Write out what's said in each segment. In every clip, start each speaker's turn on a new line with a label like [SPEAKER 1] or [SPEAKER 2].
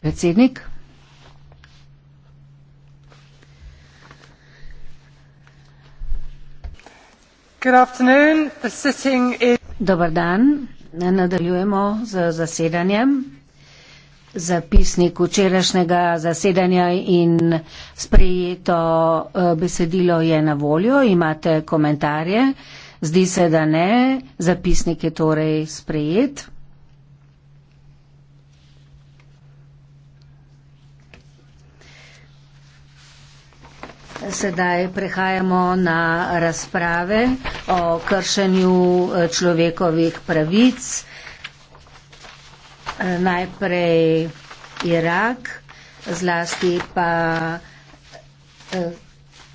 [SPEAKER 1] Predsednik. Dobar dan. Nadaljujemo z zasedanjem. Zapisnik včerajšnjega zasedanja in sprejeto eh, besedilo je na voljo. Imate komentarje. Zdi se, da ne, zapisnik je torej sprejet. Sedaj prehajamo na razprave o kršenju eh, človekovih pravic. Eh, najprej Irak, zlasti pa. Eh,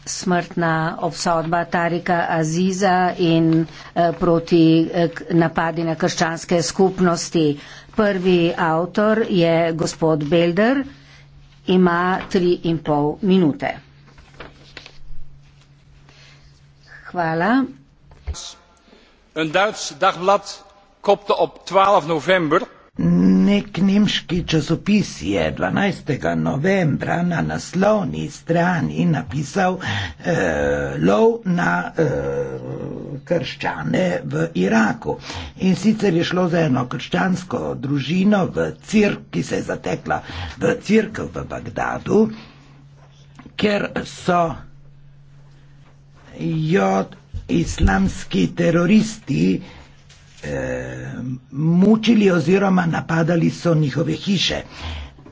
[SPEAKER 1] smrtna obsodba Tarika Aziza in eh, proti eh, napadi na krščanske skupnosti. Prvi avtor je gospod Belder, ima tri in pol minute. Hvala.
[SPEAKER 2] Een Duits dagblad kopte op 12 november
[SPEAKER 1] nek
[SPEAKER 3] nemški časopis je 12. novembra na naslovni strani napisal eh, lov na eh, krščane v Iraku. In sicer je šlo za eno krščansko družino v cirk, ki se je zatekla v cirkev v Bagdadu, ker so jo islamski teroristi eh, mučili oziroma napadali so njihove hiše.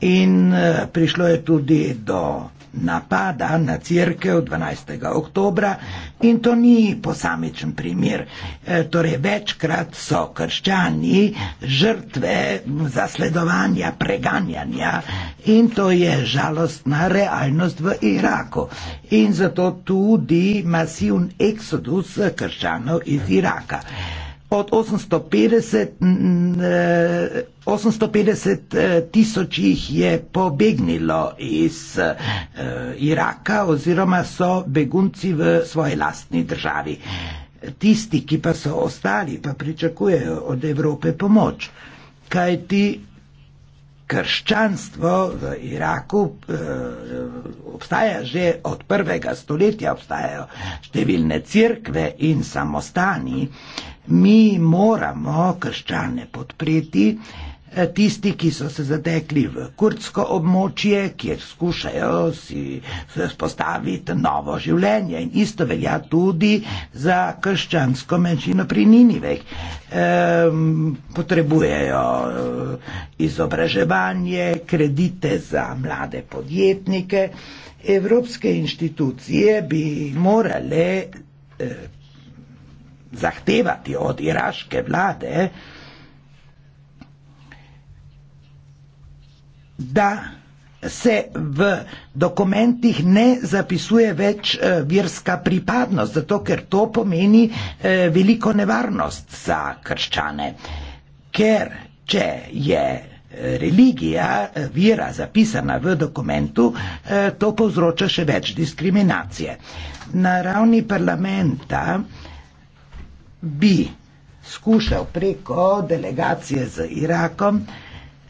[SPEAKER 3] In eh, prišlo je tudi do napada na crkev 12. oktobra in to ni posamičen primer. Eh, torej večkrat so krščani žrtve zasledovanja, preganjanja in to je žalostna realnost v Iraku. In zato tudi masivn eksodus krščanov iz Iraka od 850 e, e, tisoč jih je pobegnilo iz e, Iraka oziroma so begunci v svoji lastni državi. Tisti, ki pa so ostali, pa pričakujejo od Evrope pomoč, kaj ti krščanstvo v Iraku eh, obstaja že od prvega stoletja, obstajajo številne crkve in samostani. Mi moramo krščane podpreti, eh, tisti, ki so se zatekli v kurdsko območje, kjer skušajo si spostaviti novo življenje. In isto velja tudi za krščansko menšino pri Ninivej. Ehm, potrebujejo eh, izobraževanje, kredite za mlade podjetnike. Evropske inštitucije bi morale. Eh, zahtevati od iraške vlade, da se v dokumentih ne zapisuje več eh, virska pripadnost, zato ker to pomeni eh, veliko nevarnost za krščane. Ker če je eh, religija, vira zapisana v dokumentu, to povzroča še več diskriminacije. Na ravni parlamenta bi skušal preko delegacije z Irakom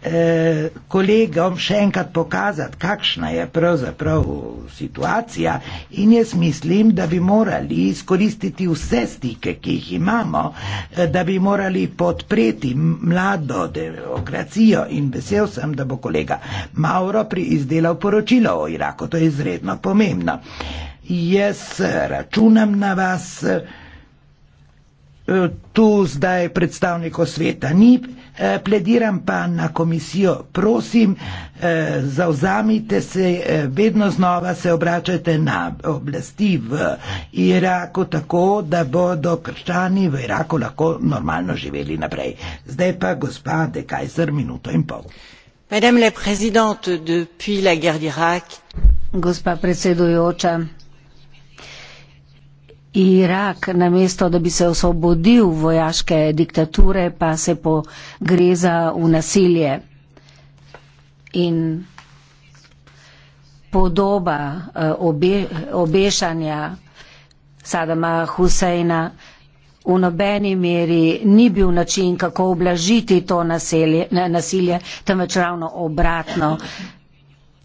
[SPEAKER 3] eh, kolegom še enkrat pokazati, kakšna je pravzaprav situacija in jaz mislim, da bi morali izkoristiti vse stike, ki jih imamo, eh, da bi morali podpreti mlado demokracijo in vesel sem, da bo kolega Mauro pri izdelal poročilo o Iraku, to je izredno pomembno. Jaz eh, računam na vas tu zdaj predstavnikov sveta ni, eh, plediram pa na komisijo, prosim, eh, zauzamite se, eh, vedno znova se obračajte na oblasti v Iraku tako, da bodo krščani v Iraku lahko normalno živeli naprej. Zdaj pa gospa Dekajzer, minuto in pol.
[SPEAKER 1] Gospa predsedujoča, Irak, namesto da bi se osvobodil vojaške diktature, pa se pogreza v nasilje. In podoba eh, obe, obešanja Sadama Huseina v nobeni meri ni bil način, kako oblažiti to nasilje, nasilje temveč ravno obratno.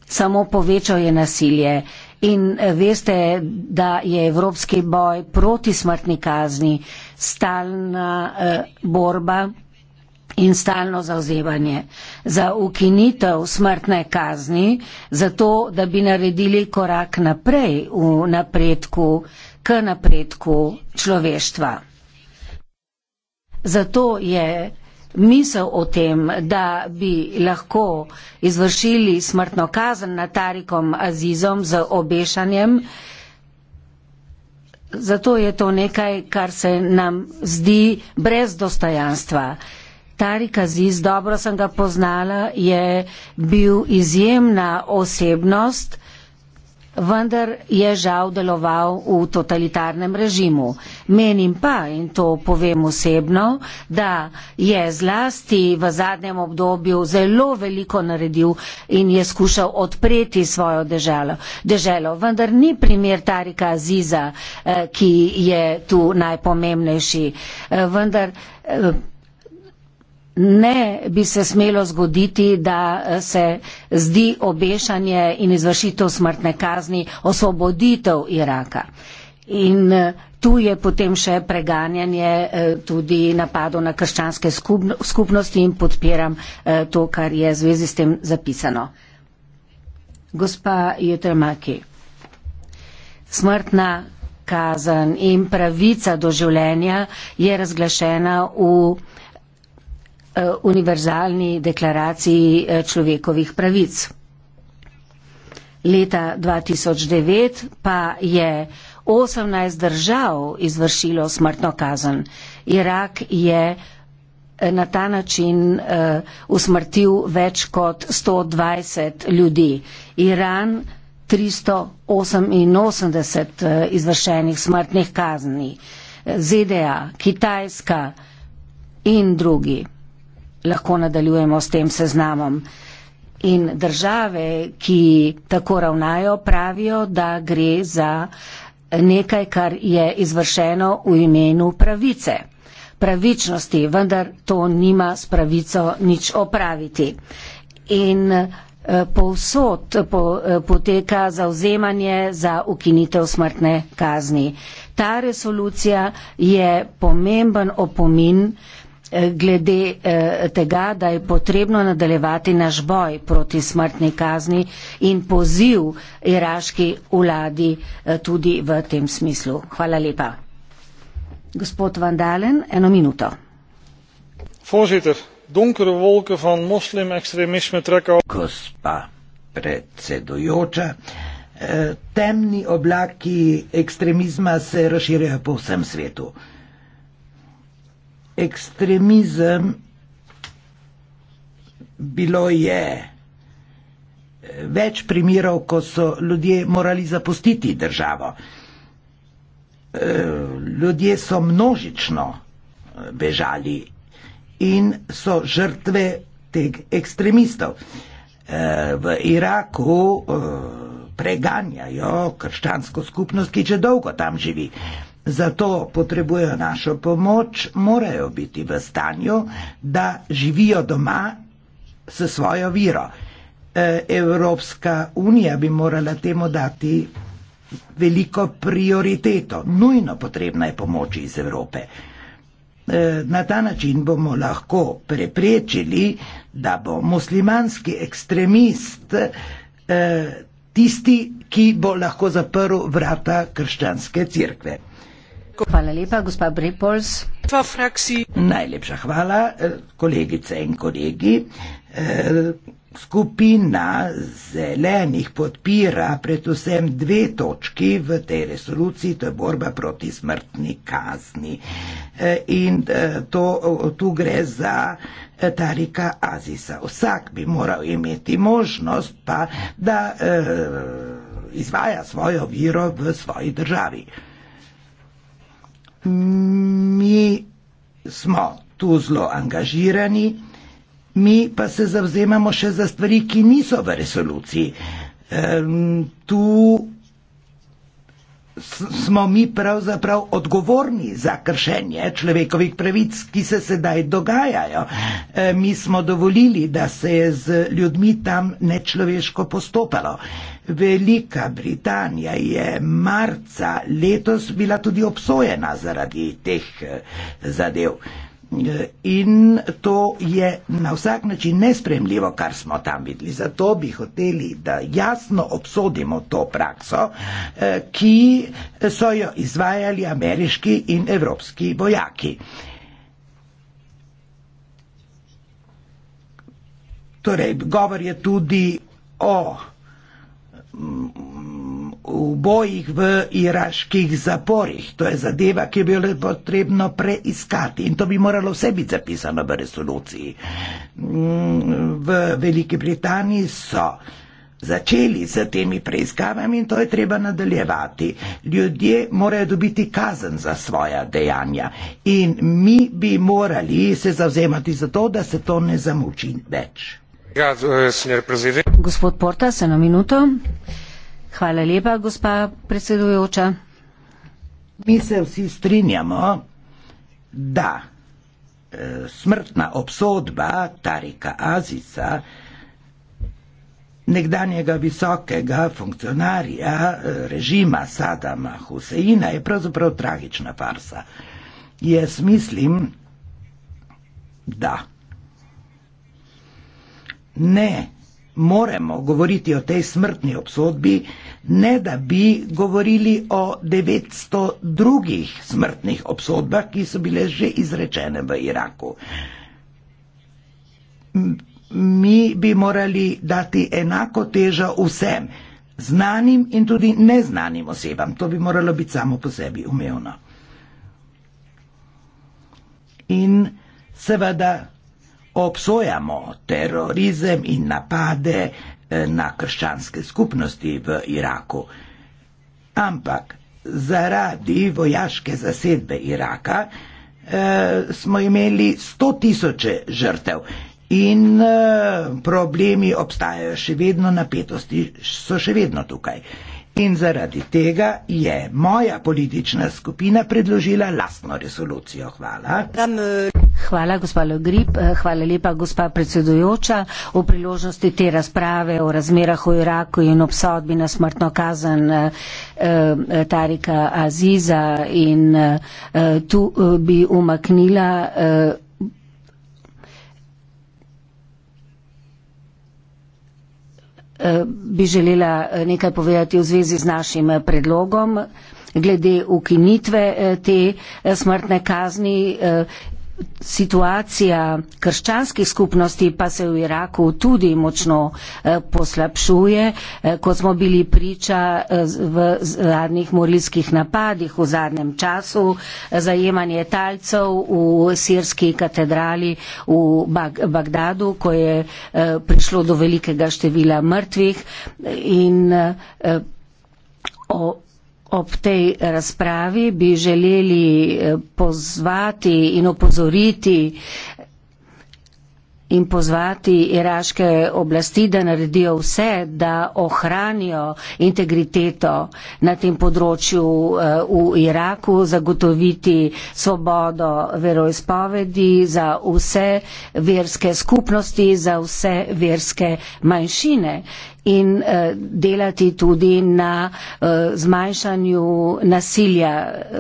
[SPEAKER 1] Samo povečal je nasilje. In eh, veste, da je evropski boj proti smrtni kazni stalna eh, borba in stalno zauzevanje za ukinitev smrtne kazni, zato da bi naredili korak naprej v napredku, k napredku človeštva. Zato je misel o tem, da bi lahko izvršili smrtno kazen nad Tarikom Azizom z obešanjem. Zato je to nekaj, kar se nam zdi brez dostojanstva. Tarik Aziz, dobro sem ga poznala, je bil izjemna osebnost, vendar je žal deloval v totalitarnem režimu. Menim pa, in to povem osebno, da je zlasti v zadnjem obdobju zelo veliko naredil in je skušal odpreti svojo deželo. deželo. Vendar ni primer Tarika Aziza, eh, ki je tu najpomembnejši. Eh, vendar, eh, ne bi se smelo zgoditi, da eh, se zdi obešanje in izvršitev smrtne kazni osvoboditev Iraka. In eh, tu je potem še preganjanje eh, tudi napadov na krščanske skupnosti in podpiram to, kar je v zvezi s tem zapisano. Gospa Jutremaki, smrtna kazen in pravica do življenja je razglašena v Eh, univerzalni deklaraciji eh, človekovih pravic. Leta 2009 pa je 18 držav izvršilo smrtno kazen. Irak je eh, na ta način uh, usmrtil več kot 120 ljudi. Iran 388 uh, izvršenih smrtnih kazni. ZDA, e Kitajska in drugi lahko nadaljujemo s tem seznamom. In države, ki tako ravnajo, pravijo, da gre za nekaj, kar je izvršeno v imenu pravice, pravičnosti, vendar to nima s pravico nič opraviti. In eh, povsod eh, poteka zauzemanje za ukinitev smrtne kazni. Ta resolucija je pomemben opomin, glede eh, tega, da je potrebno nadaljevati naš boj proti smrtni kazni in poziv iraški vladi eh, tudi v tem smislu. Hvala lepa. Gospod Vandalen, eno minuto.
[SPEAKER 2] Voorzitter, donkere wolken van moslim-extremisme
[SPEAKER 3] trekken. Gospa predsedujoča, eh, temni oblaki ekstremizma se razširjajo po vsem svetu ekstremizem bilo je eh, več primerov, ko so ljudje morali zapustiti državo. Eh, ljudje so množično eh, bežali in so žrtve teh ekstremistov. V Iraku preganjajo krščansko skupnost, ki že dolgo tam živi zato potrebujejo našo pomoč, morajo biti v stanju, da živijo doma s svojo viro. E, Evropska unija bi morala temu dati veliko prioriteto. Nujno potrebna je pomoč iz Evrope. E, na ta način bomo lahko preprečili, da bo muslimanski ekstremist e, tisti, ki bo lahko zaprl vrata krščanske crkve. Hvala lepa, gospa Brepols. Najlepša hvala, eh, kolegice in kolegi. Eh, skupina zelenih podpira predvsem dve točki v tej resoluciji, to je borba proti smrtni kazni. Eh, in to, tu gre za Tarika Azisa. Vsak bi moral imeti možnost pa, da izvaja svojo viro v svoji državi. Mi smo tu zelo angažirani, mi pa se zavzemamo še za stvari, ki niso v resoluciji. Tu smo mi pravzaprav odgovorni za kršenje človekovih pravic, ki se sedaj dogajajo. E, mi smo dovolili, da se je z ljudmi tam nečloveško postopalo. Velika Britanija je marca letos bila tudi obsojena zaradi teh e, zadev. In to je na vsak način nespremljivo, kar smo tam videli. Zato bi hoteli, da jasno obsodimo to prakso, eh, ki so jo izvajali ameriški in evropski vojaki. Torej, govor je tudi o mm, v bojih v iraških zaporih. To je zadeva, ki je bilo potrebno preiskati in to bi moralo vse biti zapisano v resoluciji. V Veliki Britaniji so začeli z temi preiskavami in to je treba nadaljevati. Ljudje morajo dobiti kazen za svoja dejanja in mi bi morali se zavzemati za to, da se to ne zamuči več. Ja,
[SPEAKER 2] eh,
[SPEAKER 1] Gospod Porta, se na minuto. Hvala lepa, gospa predsedujoča. Mi se vsi strinjamo, da
[SPEAKER 3] eh, smrtna obsodba Tarika Azisa, nekdanjega visokega funkcionarja eh, režima Sadama Huseina, je pravzaprav tragična farsa. Jaz mislim, da ne moremo govoriti o tej smrtni obsodbi, ne da bi govorili o 900 drugih smrtnih obsodbah, ki so bile že izrečene v Iraku. Mi bi morali dati enako težo vsem, znanim in tudi neznanim osebam. To bi moralo biti samo po sebi umevno. In seveda, obsojamo terorizem in napade eh, na krščanske skupnosti v Iraku. Ampak zaradi vojaške zasedbe Iraka eh, smo imeli sto tisoče žrtev in eh, problemi obstajajo še vedno, napetosti so še vedno tukaj. In zaradi tega je moja politična skupina predložila lastno resolucijo. Hvala.
[SPEAKER 1] Tam, uh... Hvala, gospa Logrib. Eh, hvala lepa, gospa predsedujoča. V priložnosti te razprave o razmerah v Iraku in obsodbi na smrtno kazen eh, eh Tarika Aziza in eh, tu eh, bi umaknila. Eh, bi želela nekaj povedati v zvezi z našim predlogom glede ukinitve te smrtne kazni Situacija krščanskih skupnosti pa se v Iraku tudi močno eh, poslabšuje, eh, kot smo bili priča eh, v zadnjih morilskih napadih v zadnjem času, eh, zajemanje talcev v sirski katedrali v Bag Bagdadu, ko je eh, prišlo do velikega števila mrtvih. In, eh, o, ob tej razpravi bi želeli eh, pozvati in opozoriti in pozvati iraške oblasti, da naredijo vse, da ohranijo integriteto na tem področju eh, v Iraku, zagotoviti svobodo veroizpovedi za vse verske skupnosti, za vse verske manjšine in uh, delati tudi na uh, zmanjšanju nasilja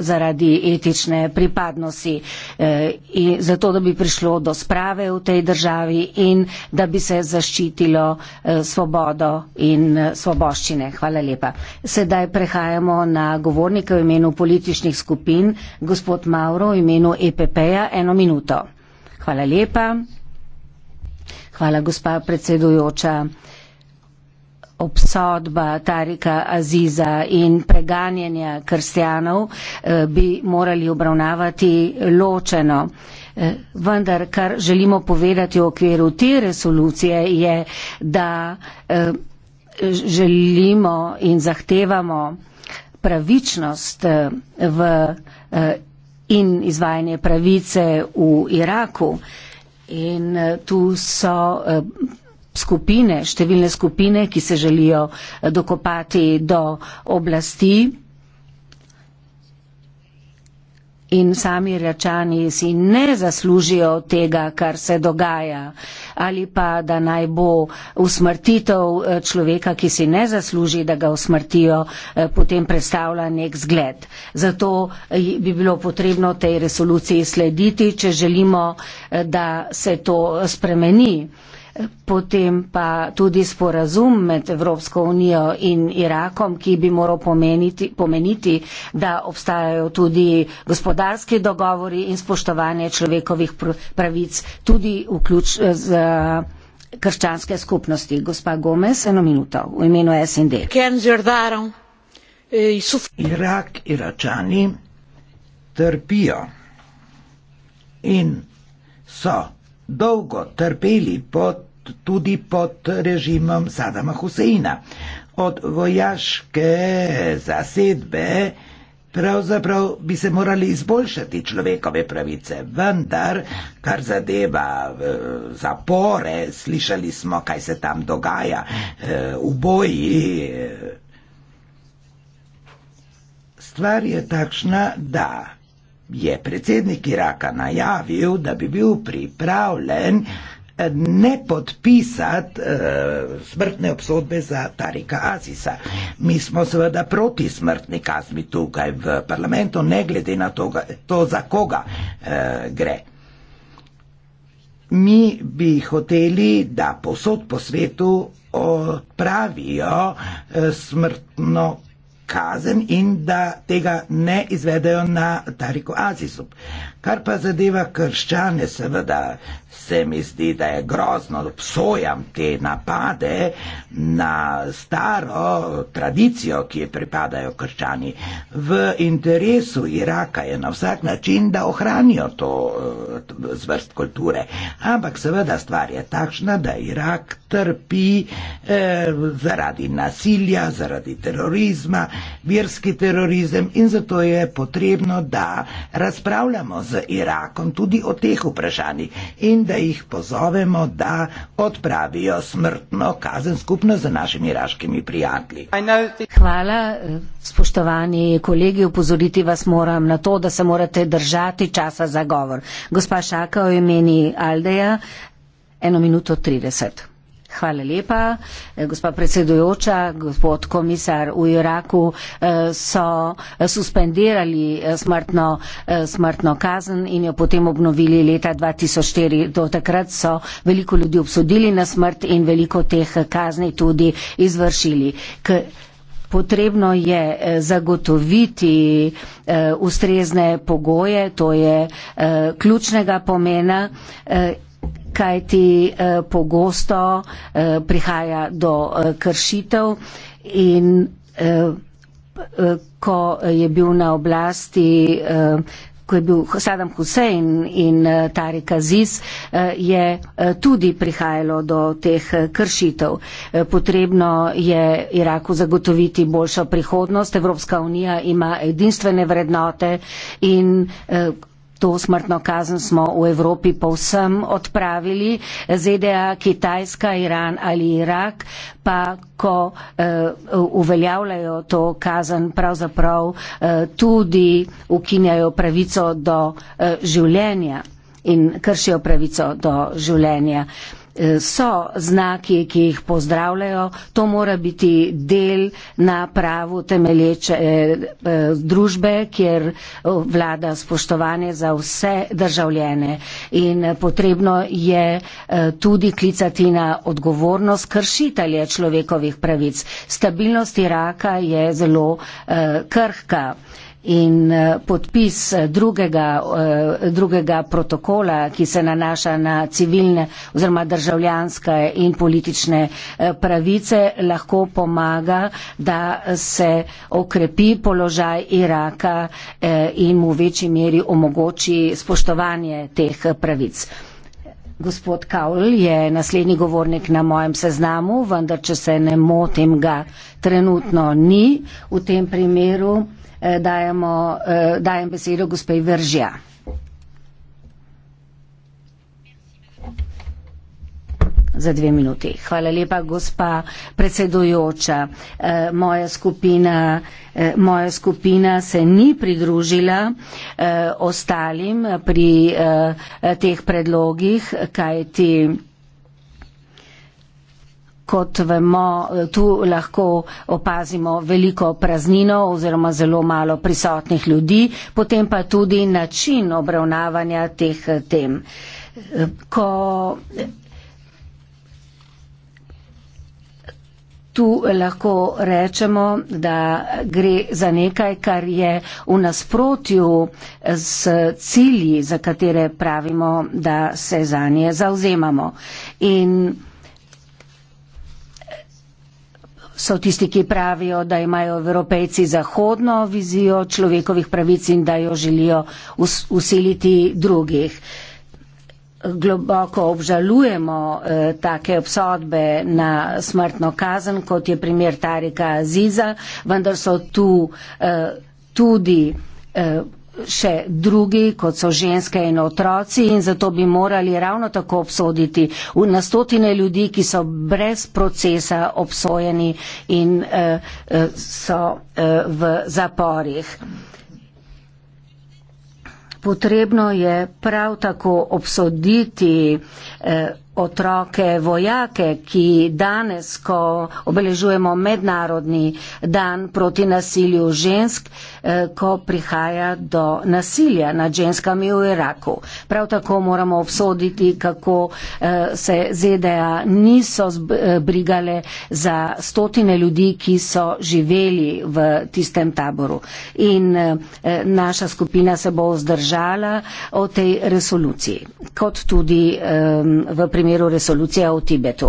[SPEAKER 1] zaradi etične pripadnosti. Uh, in, zato, da bi prišlo do sprave v tej državi in da bi se zaščitilo uh, svobodo in uh, svoboščine. Hvala lepa. Sedaj prehajamo na govornike v imenu političnih skupin. Gospod Mauro v imenu EPP-ja, eno minuto. Hvala lepa. Hvala, gospa predsedujoča. Uh, obsodba Tarika Aziza in preganjanja krstjanov eh, bi morali obravnavati ločeno. Eh, vendar, kar želimo povedati v okviru te resolucije, je, da eh, želimo in zahtevamo pravičnost v, in izvajanje pravice v Iraku. In tu so skupine, številne skupine, ki se želijo eh, dokopati do oblasti. In sami račani si ne zaslužijo tega, kar se dogaja. Ali pa, da naj bo usmrtitev eh, človeka, ki si ne zasluži, da ga usmrtijo, eh, potem predstavlja nek zgled. Zato bi bilo potrebno tej resoluciji slediti, če želimo, da se to spremeni. Potem pa tudi sporazum med Evropsko unijo in Irakom, ki bi moral pomeniti, pomeniti, da obstajajo tudi gospodarski dogovori in spoštovanje človekovih pravic, tudi vključ z krščanske skupnosti. Gospa Gomez, eno minuto v imenu SND. Eh, Irak, Iračani trpijo
[SPEAKER 3] in so dolgo trpeli pod, tudi pod režimom Sadama Huseina. Od vojaške zasedbe pravzaprav bi se morali izboljšati človekove pravice, vendar, kar zadeva e, zapore, slišali smo, kaj se tam dogaja, e, v e, boji. Stvar je takšna, da je predsednik Iraka najavil, da bi bil pripravljen eh, ne podpisati uh, eh, smrtne obsodbe za Tarika Azisa. Mi smo seveda proti smrtni kazni tukaj v parlamentu, ne glede na to, to za koga uh, gre. Mi bi hoteli, da posod po svetu odpravijo uh, smrtno kazni kazen in da tega ne izvedejo na Tariku Azizub. Kar pa zadeva krščane, seveda, se mi zdi, da je grozno, da obsojam te napade na staro tradicijo, ki je pripadajo krščani. V interesu Iraka je na vsak način, da ohranijo to eh, zvrst kulture. Ampak seveda stvar je takšna, da Irak trpi eh, zaradi nasilja, zaradi terorizma, verski terorizem in zato je potrebno, da razpravljamo z Irakom tudi o teh vprašanjih in da jih pozovemo, da odpravijo smrtno kazen skupno z našimi iraškimi prijatelji.
[SPEAKER 1] Hvala, spoštovani kolegi, upozoriti vas moram na to, da se morate držati časa za govor. Gospa Šaka o imeni Aldeja, eno minuto trideset. Hvala lepa. Eh, gospa predsedujoča, gospod komisar, v Iraku eh, so eh, suspendirali smrtno, smrtno kazen in jo potem obnovili leta 2004. Do takrat so veliko ljudi obsodili na smrt in veliko teh kazni tudi izvršili. K Potrebno je zagotoviti ustrezne pogoje, to je ključnega pomena kajti eh, pogosto eh, prihaja do eh, kršitev in eh, eh, ko je bil na oblasti, eh, ko je bil Saddam Hussein in eh, Tarik Aziz, eh, je eh, tudi prihajalo do teh eh, kršitev. Eh, potrebno je Iraku zagotoviti boljšo prihodnost. Evropska unija ima edinstvene vrednote in. Eh, to smrtno kazen smo v Evropi povsem odpravili, ZDA, Kitajska, Iran ali Irak, pa ko uh, uveljavljajo to kazen, pravzaprav uh, tudi ukinjajo pravico do uh, življenja in kršijo pravico do življenja. Uh, Eh, so znaki, ki jih pozdravljajo, to mora biti del na pravu temelječe eh, eh, družbe, kjer vlada spoštovanje za vse državljene. In potrebno je tudi klicati na odgovornost kršitelje človekovih pravic. Stabilnost Iraka je zelo krhka in eh, podpis eh, drugega, eh, drugega protokola, ki se nanaša na civilne oziroma državljanske in politične pravice, lahko pomaga, da se okrepi položaj Iraka in mu v večji meri omogoči spoštovanje teh pravic. Gospod Kaul je naslednji govornik na mojem seznamu, vendar če se ne motim, ga trenutno ni v tem primeru. Eh, dajemo, eh, dajem besedo gospej Vržja. Za dve minuti. Hvala lepa, gospa predsedujoča. Eh, moja skupina, moja skupina se ni pridružila ostalim pri teh predlogih, kajti kot vemo, tu lahko opazimo veliko praznino oziroma zelo malo prisotnih ljudi, potem pa tudi način obravnavanja teh tem. Ko Tu lahko rečemo, da gre za nekaj, kar je v nasprotju s cilji, za katere pravimo, da se za nje zauzemamo. In so tisti, ki pravijo, da imajo evropejci zahodno vizijo človekovih pravic in da jo želijo us usiliti drugih. Globoko obžalujemo eh, take obsodbe na smrtno kazen, kot je primer Tarika Aziza, vendar so tu eh, tudi. Eh, še drugi, kot so ženske in otroci in zato bi morali ravno tako obsoditi na stotine ljudi, ki so brez procesa obsojeni in uh, uh, so uh, v zaporih. Potrebno je prav tako obsoditi uh, otroke, vojake, ki danes, ko obeležujemo mednarodni dan proti nasilju žensk, eh, ko prihaja do nasilja nad ženskami v Iraku. Prav tako moramo obsoditi, kako eh, se ZDA niso eh, brigale za stotine ljudi, ki so živeli v tistem taboru. In naša skupina se bo vzdržala o tej resoluciji, kot tudi v primeru primeru resolucija v Tibetu.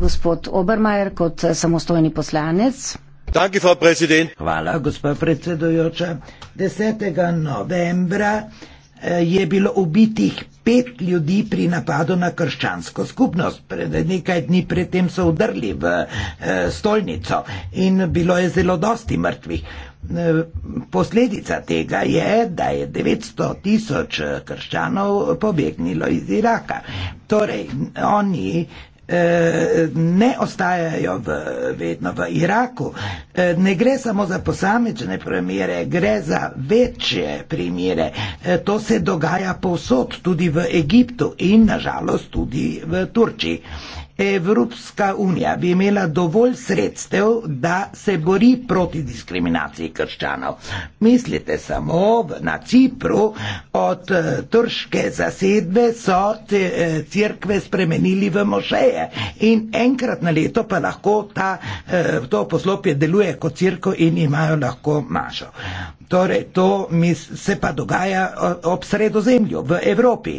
[SPEAKER 1] Gospod Obermajer, kot samostojni poslanec.
[SPEAKER 3] Danke, Hvala,
[SPEAKER 1] gospa predsedujoča. 10. novembra
[SPEAKER 3] eh, je bilo ubitih pet ljudi pri napadu na krščansko skupnost. Pred nekaj dni predtem so udrli v eh, stolnico in bilo je zelo dosti mrtvih. Eh, posledica tega je, da je 900 tisoč eh, krščanov pobegnilo iz Iraka. Torej, oni eh, ne ostajajo v, vedno v Iraku. Ne gre samo za posamečne primere, gre za večje primere. To se dogaja povsod, tudi v Egiptu in nažalost tudi v Turčiji. Evropska unija bi imela dovolj sredstev, da se bori proti diskriminaciji krščanov. Mislite samo, na Cipru od eh, turške zasedbe so eh, crkve spremenili v mošeje in enkrat na leto pa lahko ta, eh, to poslopje deluje kot crko in imajo lahko mašo. Torej, to mis, se pa dogaja ob sredozemlju v Evropi.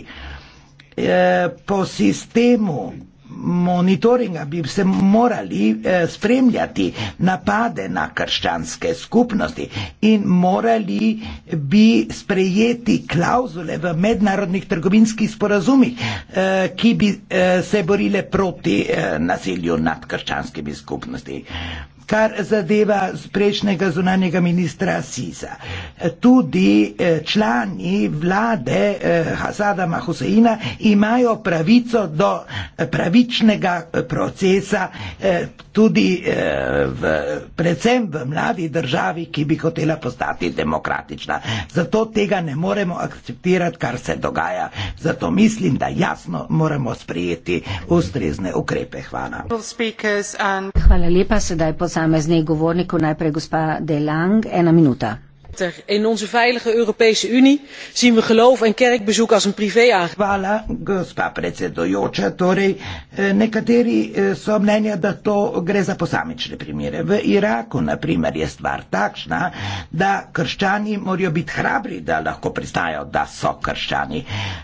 [SPEAKER 3] E, po sistemu monitoringa bi se morali eh, spremljati napade na krščanske skupnosti in morali bi sprejeti klauzule v mednarodnih trgovinskih sporazumih, eh, ki bi eh, se borile proti nasilju nad krščanskimi skupnosti kar zadeva prejšnjega zunanjega ministra Siza. Tudi eh, člani vlade eh, Hasadama Huseina imajo pravico do eh, pravičnega procesa, tudi v, predvsem v mladi državi, ki bi hotela postati demokratična. Zato tega ne moremo akceptirati, kar se dogaja. Zato mislim, da jasno moramo sprejeti ustrezne
[SPEAKER 1] ukrepe. Hvala. Hvala lepa, sedaj pozdravljam posameznih govornikov. Najprej gospa Delang, ena minuta voorzitter in onze veilige europese unie zien we geloof en
[SPEAKER 3] kerkbezoek als een privé aangelegenheid. Torej,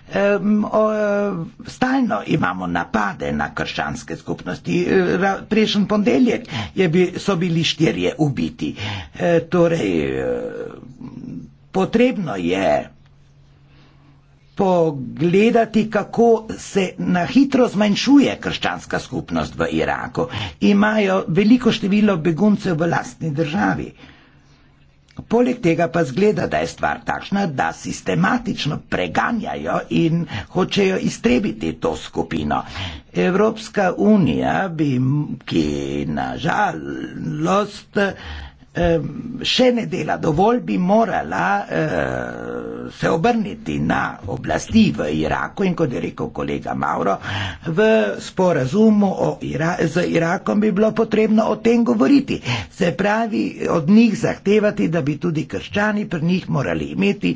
[SPEAKER 3] eh, eh, stalno imamo napade na krščanske skupnosti. Eh, prejšnji ponedeljek bi, so bili štirje ubiti. Torej, potrebno je pogledati, kako se na hitro zmanjšuje krščanska skupnost v Iraku. Imajo veliko število beguncev v lastni državi. Poleg tega pa zgleda, da je stvar takšna, da sistematično preganjajo in hočejo iztrebiti to skupino. Evropska unija bi, ki nažalost, še ne dela dovolj, bi morala eh, se obrniti na oblasti v Iraku in kot je rekel kolega Mauro, v sporazumu Ira z Irakom bi bilo potrebno o tem govoriti. Se pravi, od njih zahtevati, da bi tudi krščani pri njih morali imeti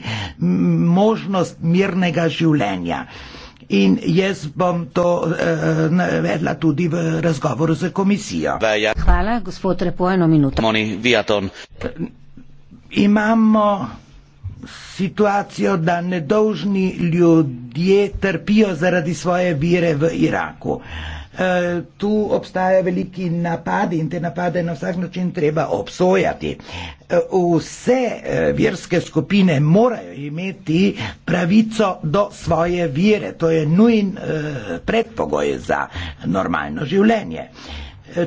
[SPEAKER 3] možnost mirnega življenja. In jaz bom to uh, navedla tudi v razgovoru z komisijo. Hvala, gospod Repo, eno minuto. Moni, viaton. Imamo situacijo, da nedolžni ljudje trpijo zaradi svoje vire v Iraku. Uh, Eh, tu obstajajo veliki napadi in te napade na vsak način treba obsojati. Eh, vse eh, verske skupine morajo imeti pravico do svoje vire, to je nujen predpogoj za normalno življenje.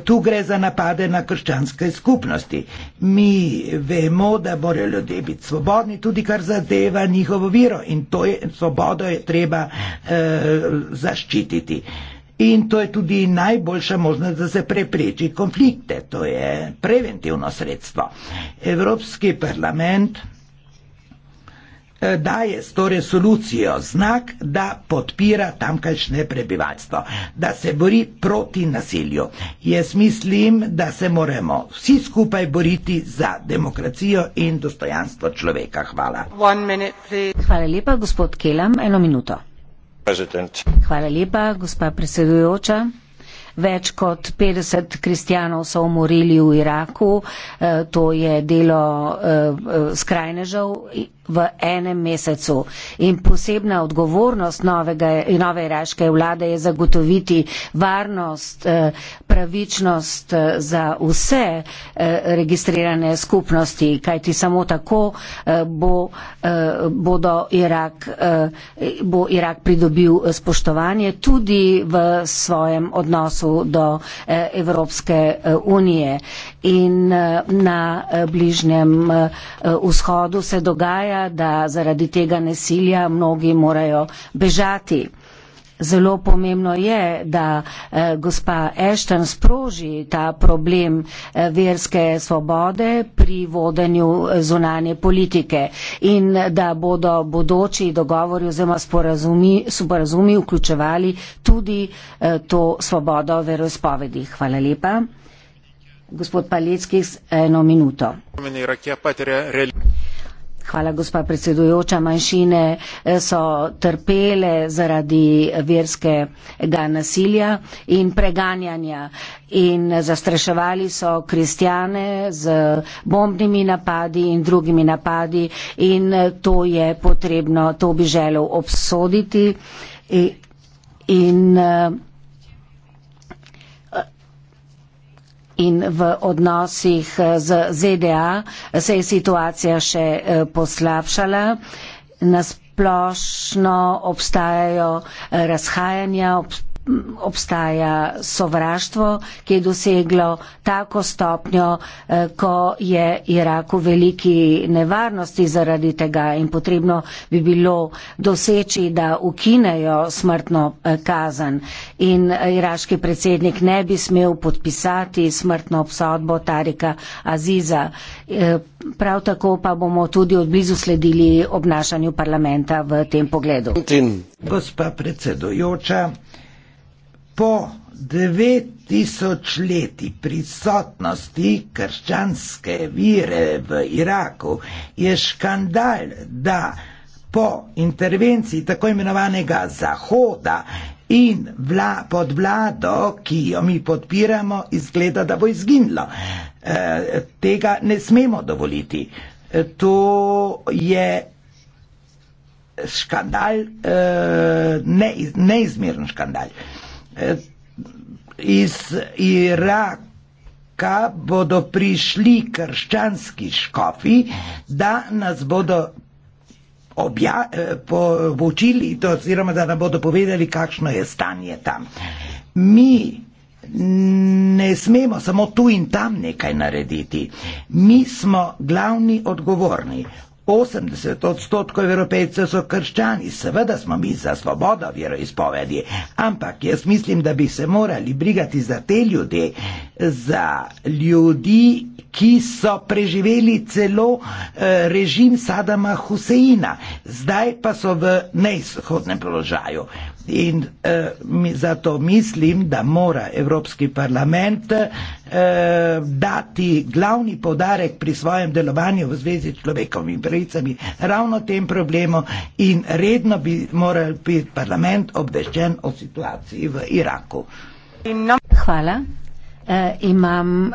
[SPEAKER 3] Tu gre za napade na krščanske skupnosti. Mi vemo, da morajo ljudje biti svobodni, tudi kar zadeva njihovo viro in to je, svobodo je treba eh, zaščititi. Eh, In to je tudi najboljša možnost, da se prepreči konflikte. To je preventivno sredstvo. Evropski parlament eh, daje s to resolucijo znak, da podpira tamkajšnje prebivalstvo, da se bori proti nasilju. Jaz mislim, da se moramo vsi skupaj boriti za demokracijo in dostojanstvo človeka. Hvala.
[SPEAKER 1] Minute, Hvala lepa, gospod Kelam. Eno minuto gospa predsedujoča. Več kot 50 kristijanov so umorili v Iraku, eh, to je delo eh, eh, skrajnežev v enem mesecu. In posebna odgovornost novega, nove iraške vlade je zagotoviti varnost, pravičnost za vse registrirane skupnosti, kajti samo tako bo, bodo Irak, bo Irak pridobil spoštovanje tudi v svojem odnosu času do eh, Evropske eh, unije. In eh, na bližnjem vzhodu se dogaja, da zaradi tega nasilja mnogi morajo bežati. Zelo pomembno je, da eh, gospa Ashton sproži ta problem eh, verske svobode pri vodenju eh, zunanje politike in da bodo bodoči dogovori oziroma sporazumi, sporazumi vključevali tudi to svobodo veroizpovedi. Hvala lepa. Gospod Palecki, eno minuto. Hvala, gospa predsedujoča. Manjšine eh, so trpele zaradi verskega nasilja in preganjanja in zastraševali so kristjane z bombnimi napadi in drugimi napadi in eh, to je potrebno, to bi želel obsoditi. E, in, in, eh, in v odnosih eh, z ZDA se je situacija še eh, poslabšala. Nasplošno obstajajo eh, razhajanja, obstajajo obstaja sovraštvo, ki je doseglo tako stopnjo, eh, ko je Irak v veliki nevarnosti zaradi tega in potrebno bi bilo doseči, da ukinejo smrtno eh, kazen in eh, iraški predsednik ne bi smel podpisati smrtno obsodbo Tarika Aziza. Prav tako pa bomo tudi odblizu sledili obnašanju parlamenta v tem pogledu.
[SPEAKER 3] Gospa predsedujoča, po 9000 leti prisotnosti krščanske vire v Iraku je škandal, da po intervenciji tako imenovanega Zahoda in vla, pod vlado, ki jo mi podpiramo, izgleda, da bo izginilo. E, tega ne smemo dovoliti. E, to je škandal, e, ne, neizmeren škandal iz Iraka bodo prišli krščanski škofi, da nas bodo obja, eh, povučili, oziroma da nam bodo povedali, kakšno je stanje tam. Mi ne smemo samo tu in tam nekaj narediti. Mi smo glavni odgovorni. 80 odstotkov evropejcev so krščani, seveda smo mi za svobodo veroizpovedi, ampak jaz mislim, da bi se morali brigati za te ljudi, za ljudi, ki so preživeli celo eh, režim Sadama Huseina, zdaj pa so v neizhodnem položaju. In eh, mi zato mislim, da mora Evropski parlament eh, dati glavni podarek pri svojem delovanju v zvezi s človekovimi pravicami ravno tem problemom in redno bi moral biti parlament obveščen o situaciji v Iraku.
[SPEAKER 1] Hvala. E, imam e,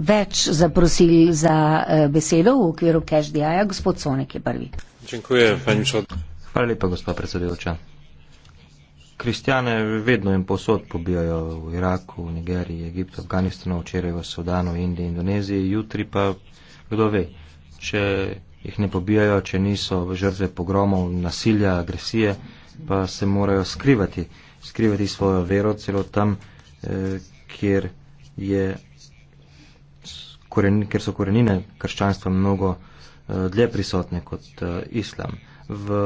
[SPEAKER 1] več zaprosil za e, besedo v okviru Cash DI-ja. Gospod Sonek je prvi.
[SPEAKER 2] Hvala lepa, gospod predsedujoča. Kristjane vedno in posod pobijajo v Iraku, v Nigeriji, Egiptu, Afganistanu, včeraj v Sudanu, Indiji, Indoneziji, jutri pa kdo ve, če jih ne pobijajo, če niso žrtve pogromov, nasilja, agresije, pa se morajo skrivati, skrivati svojo vero celo tam, eh, kjer, je, kjer so korenine krščanstva mnogo eh, dlje prisotne kot eh, islam. V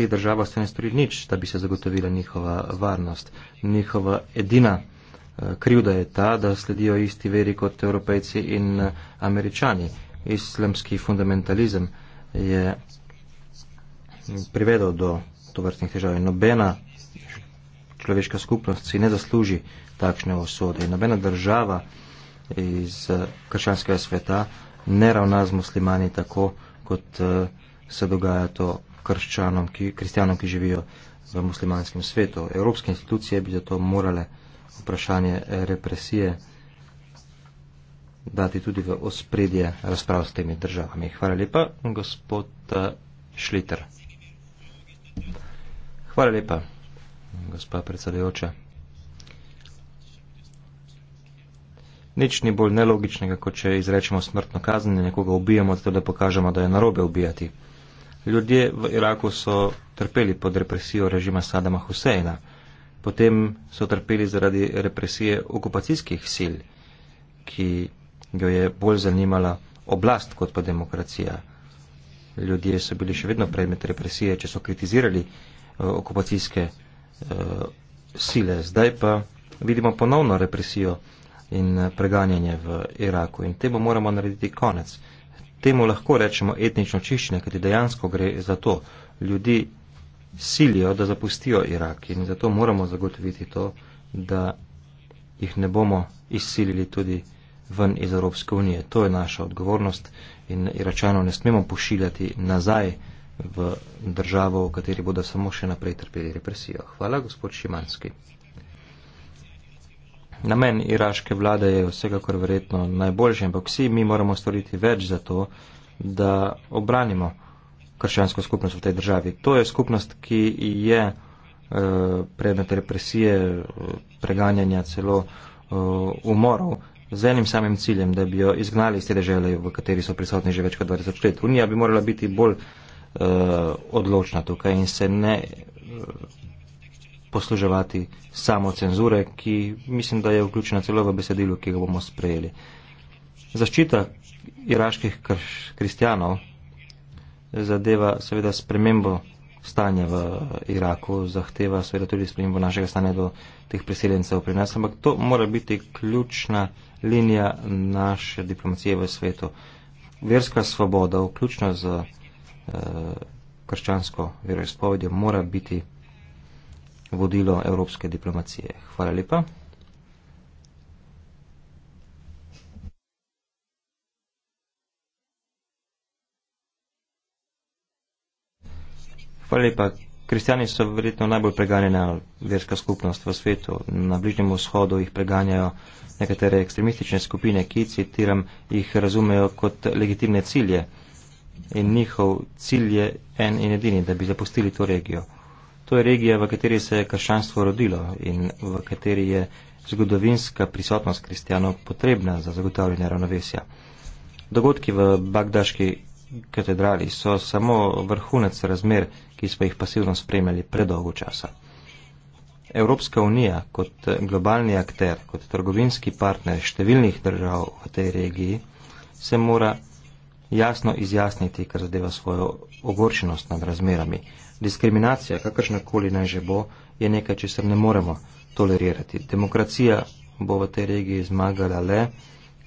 [SPEAKER 2] teh državah se ne stori nič, da bi se zagotovila njihova varnost. Njihova edina eh, krivda je ta, da sledijo isti veri kot evropejci in eh, američani. Islamski fundamentalizem je privedel do tovrstnih težav in nobena človeška skupnost si ne zasluži takšne osode. In nobena država iz eh, krščanskega sveta ne ravna z muslimani tako, kot se dogaja to krščanom, ki, kristjanom, ki živijo v muslimanskem svetu. Evropske institucije bi zato morale vprašanje represije dati tudi v ospredje razprav s temi državami. Hvala lepa, gospod eh, Šliter. Hvala lepa, gospa predsedujoča. Nič ni bolj nelogičnega, kot če izrečemo smrtno kazen in nekoga ubijemo, zato da pokažemo, da je narobe ubijati. Ljudje v Iraku so trpeli pod represijo režima Sadama Huseina, potem so trpeli zaradi represije okupacijskih sil, ki jo je bolj zanimala oblast kot pa demokracija. Ljudje so bili še vedno predmet represije, če so kritizirali eh, okupacijske uh, sile. Zdaj pa vidimo ponovno represijo in eh, preganjanje v Iraku in temu moramo narediti konec temu lahko rečemo etnično čiščenje, kajti dejansko gre za to. Ljudi silijo, da zapustijo Irak in zato moramo zagotoviti to, da jih ne bomo izsilili tudi ven iz Evropske unije. To je naša odgovornost in Iračanov ne smemo pošiljati nazaj v državo, v kateri bodo samo še naprej trpeli represijo. Hvala, gospod Šimanski. Namen iraške vlade je vsekakor verjetno najboljši, ampak vsi mi moramo storiti več za to, da obranimo krščansko skupnost v tej državi. To je skupnost, ki je eh, predmet represije, preganjanja celo eh, umorov z enim samim ciljem, da bi jo izgnali iz te države, v kateri so prisotni že več kot 20 let. Unija bi morala biti bolj eh, odločna tukaj in se ne posluževati samo cenzure, ki mislim, da je vključena celo v besedilo, ki ga bomo sprejeli. Zaščita iraških kristjanov zadeva seveda spremembo stanja v Iraku, zahteva seveda tudi spremembo našega stanja do teh priseljencev pri nas, ampak to mora biti ključna linija naše diplomacije v svetu. Verska svoboda, vključno z eh, krščansko veroizpovedjo, mora biti vodilo evropske diplomacije. Hvala lepa. Hvala lepa. Kristjani so verjetno najbolj preganjena verska skupnost v svetu. Na Bližnjem vzhodu jih preganjajo nekatere ekstremistične skupine, ki, citiram, jih razumejo kot legitimne cilje. In njihov cilj je en in edini, da bi zapustili to regijo. To je regija, v kateri se je krščanstvo rodilo in v kateri je zgodovinska prisotnost kristijanov potrebna za zagotavljanje ravnovesja. Dogodki v Bagdaški katedrali so samo vrhunec razmer, ki smo jih pasivno spremljali predolgo časa. Evropska unija kot globalni akter, kot trgovinski partner številnih držav v tej regiji se mora jasno izjasniti, kar zadeva svojo ogorčenost nad razmerami, Diskriminacija, kakršnakoli naj že bo, je nekaj, če se ne moremo tolerirati. Demokracija bo v tej regiji zmagala le,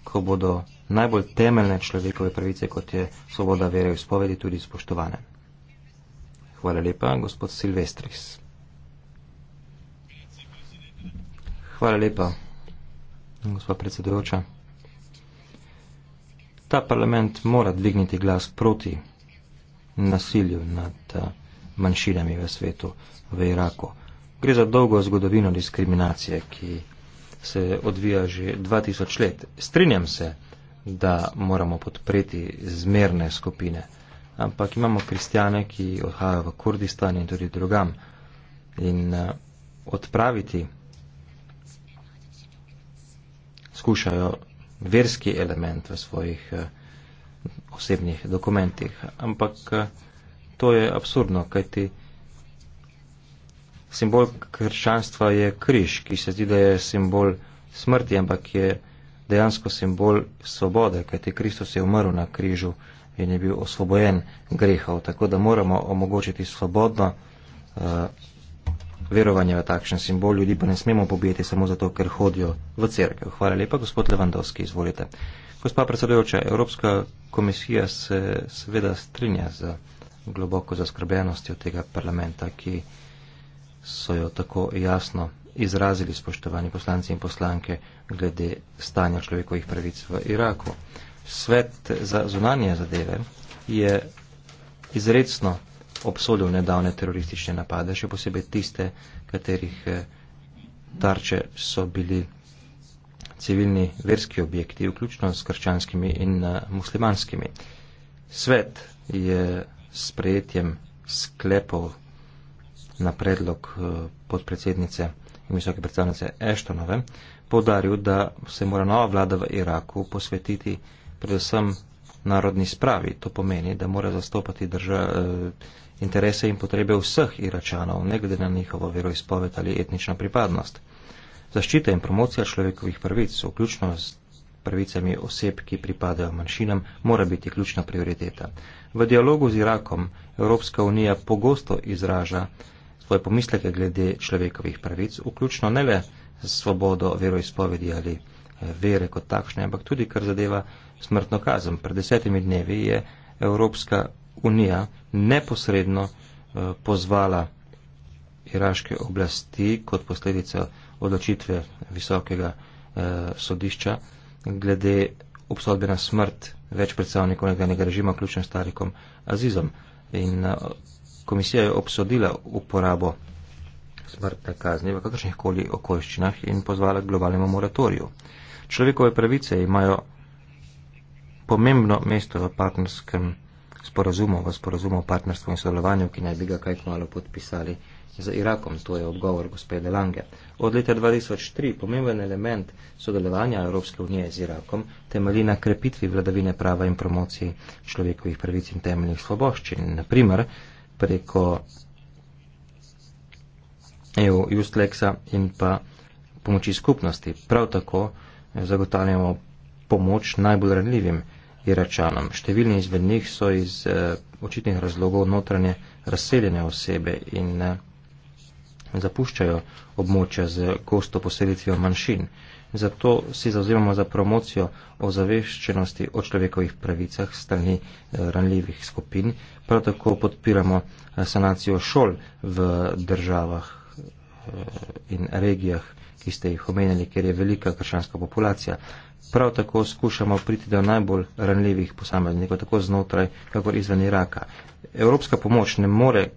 [SPEAKER 2] ko bodo najbolj temeljne človekove pravice, kot je svoboda vere v spovedi, tudi spoštovane. Hvala lepa, gospod Silvestris. Hvala lepa, gospod predsedujoča. Ta parlament mora dvigniti glas proti nasilju nad. Uh, manjšinami v svetu, v Iraku. Gre za dolgo zgodovino diskriminacije, ki se odvija že 2000 let. Strinjam se, da moramo podpreti zmerne skupine, ampak imamo kristjane, ki odhajajo v Kurdistan in tudi drugam. In eh, odpraviti skušajo verski element v svojih eh, osebnih dokumentih. Ampak eh, To je absurdno, kajti simbol krščanstva je križ, ki se zdi, da je simbol smrti, ampak je dejansko simbol svobode, kajti Kristus je umrl na križu in je bil osvobojen grehov. Tako da moramo omogočiti svobodno uh, verovanje v takšen simbol. Ljudi pa ne smemo pobijeti samo zato, ker hodijo v cerkev. Hvala lepa, gospod Levandovski, izvolite. Gospa predsedujoča, Evropska komisija se seveda strinja z. Za globoko zaskrbljenostjo tega parlamenta, ki so jo tako jasno izrazili spoštovani poslanci in poslanke glede stanja človekovih pravic v Iraku. Svet za zunanje zadeve je izredno obsodil nedavne teroristične napade, še posebej tiste, katerih eh, tarče so bili civilni verski objekti, vključno s krščanskimi in eh, muslimanskimi. Svet je sprejetjem sklepov na predlog eh, podpredsednice in visoke predstavnice Eštonove povdaril, da se mora nova vlada v Iraku posvetiti predvsem narodni spravi. To pomeni, da mora zastopati drža, eh, interese in potrebe vseh iračanov, ne glede na njihovo veroizpoved ali etnično pripadnost. Zaščita in promocija človekovih prvic, vključno z pravicami oseb, ki pripadajo manjšinam, mora biti ključna prioriteta. V dialogu z Irakom Evropska unija pogosto izraža svoje pomisleke glede človekovih pravic, vključno ne le s svobodo veroizpovedi ali eh, vere kot takšne, ampak tudi kar zadeva smrtno kazen. Pred desetimi dnevi je Evropska unija neposredno eh, pozvala iraške oblasti kot posledica odločitve visokega eh, sodišča, glede obsodbe na smrt več predstavnikov nekdanjega režima, vključno s Tarikom Azizom. In eh, komisija je obsodila uporabo smrtne kazni v kakršnih koli okoliščinah in pozvala k globalnemu moratoriju. Človekove pravice imajo pomembno mesto v partnerskem sporazumu, v sporazumu o partnerstvu in sodelovanju, ki naj bi ga kaj kmalo podpisali z Irakom, to je odgovor gospede Lange. Od leta 2003 pomemben element sodelovanja Evropske unije z Irakom temelji na krepitvi vladavine prava in promociji človekovih pravic in temeljnih sloboščin. Naprimer, preko EU Justlexa in pa pomoči skupnosti. Prav tako zagotavljamo pomoč najbolj ranljivim Iračanom. Številni izmed njih so iz eh, očitnih razlogov notranje razseljene osebe in eh, zapuščajo območja z gosto poselitvijo manjšin. Zato si zauzemamo za promocijo o zaveščenosti o človekovih pravicah strani eh, ranljivih skupin. Prav tako podpiramo eh, sanacijo šol v državah eh, in regijah, ki ste jih omenjali, ker je velika krščanska populacija. Prav tako skušamo priti do najbolj ranljivih posameznikov, tako znotraj, kakor izven Iraka. Evropska pomoč ne more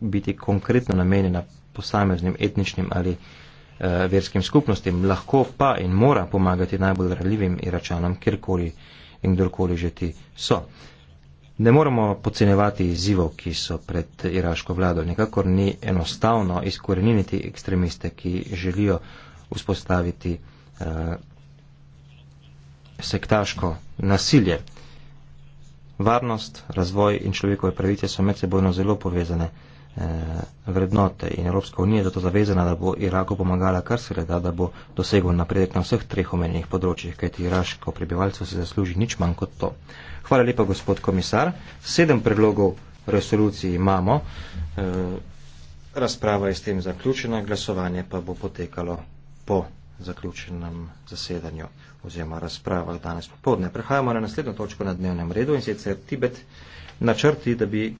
[SPEAKER 2] biti konkretno namenjena posameznim etničnim ali uh, verskim skupnostim, lahko pa in mora pomagati najbolj ranljivim Iračanom, kjerkoli in kdorkoli že ti so. Ne moremo podcenevati izzivov, ki so pred iraško vlado. Nekakor ni enostavno izkoreniniti ekstremiste, ki želijo vzpostaviti uh, sektaško nasilje. Varnost, razvoj in človekove pravice so medsebojno zelo povezane. Uh, Eh, vrednote in Evropska unija je zato zavezana, da bo Iraku pomagala kar se da, da bo dosegel napredek na vseh treh omenjenih področjih, kajti iraško prebivalstvo se zasluži nič manj kot to. Hvala lepa, gospod komisar. Sedem predlogov resoluciji imamo. Eh, razprava je s tem zaključena, glasovanje pa bo potekalo po zaključenem zasedanju oziroma razpravah danes popovdne. Prehajamo na naslednjo točko na dnevnem redu in sicer Tibet načrti, da bi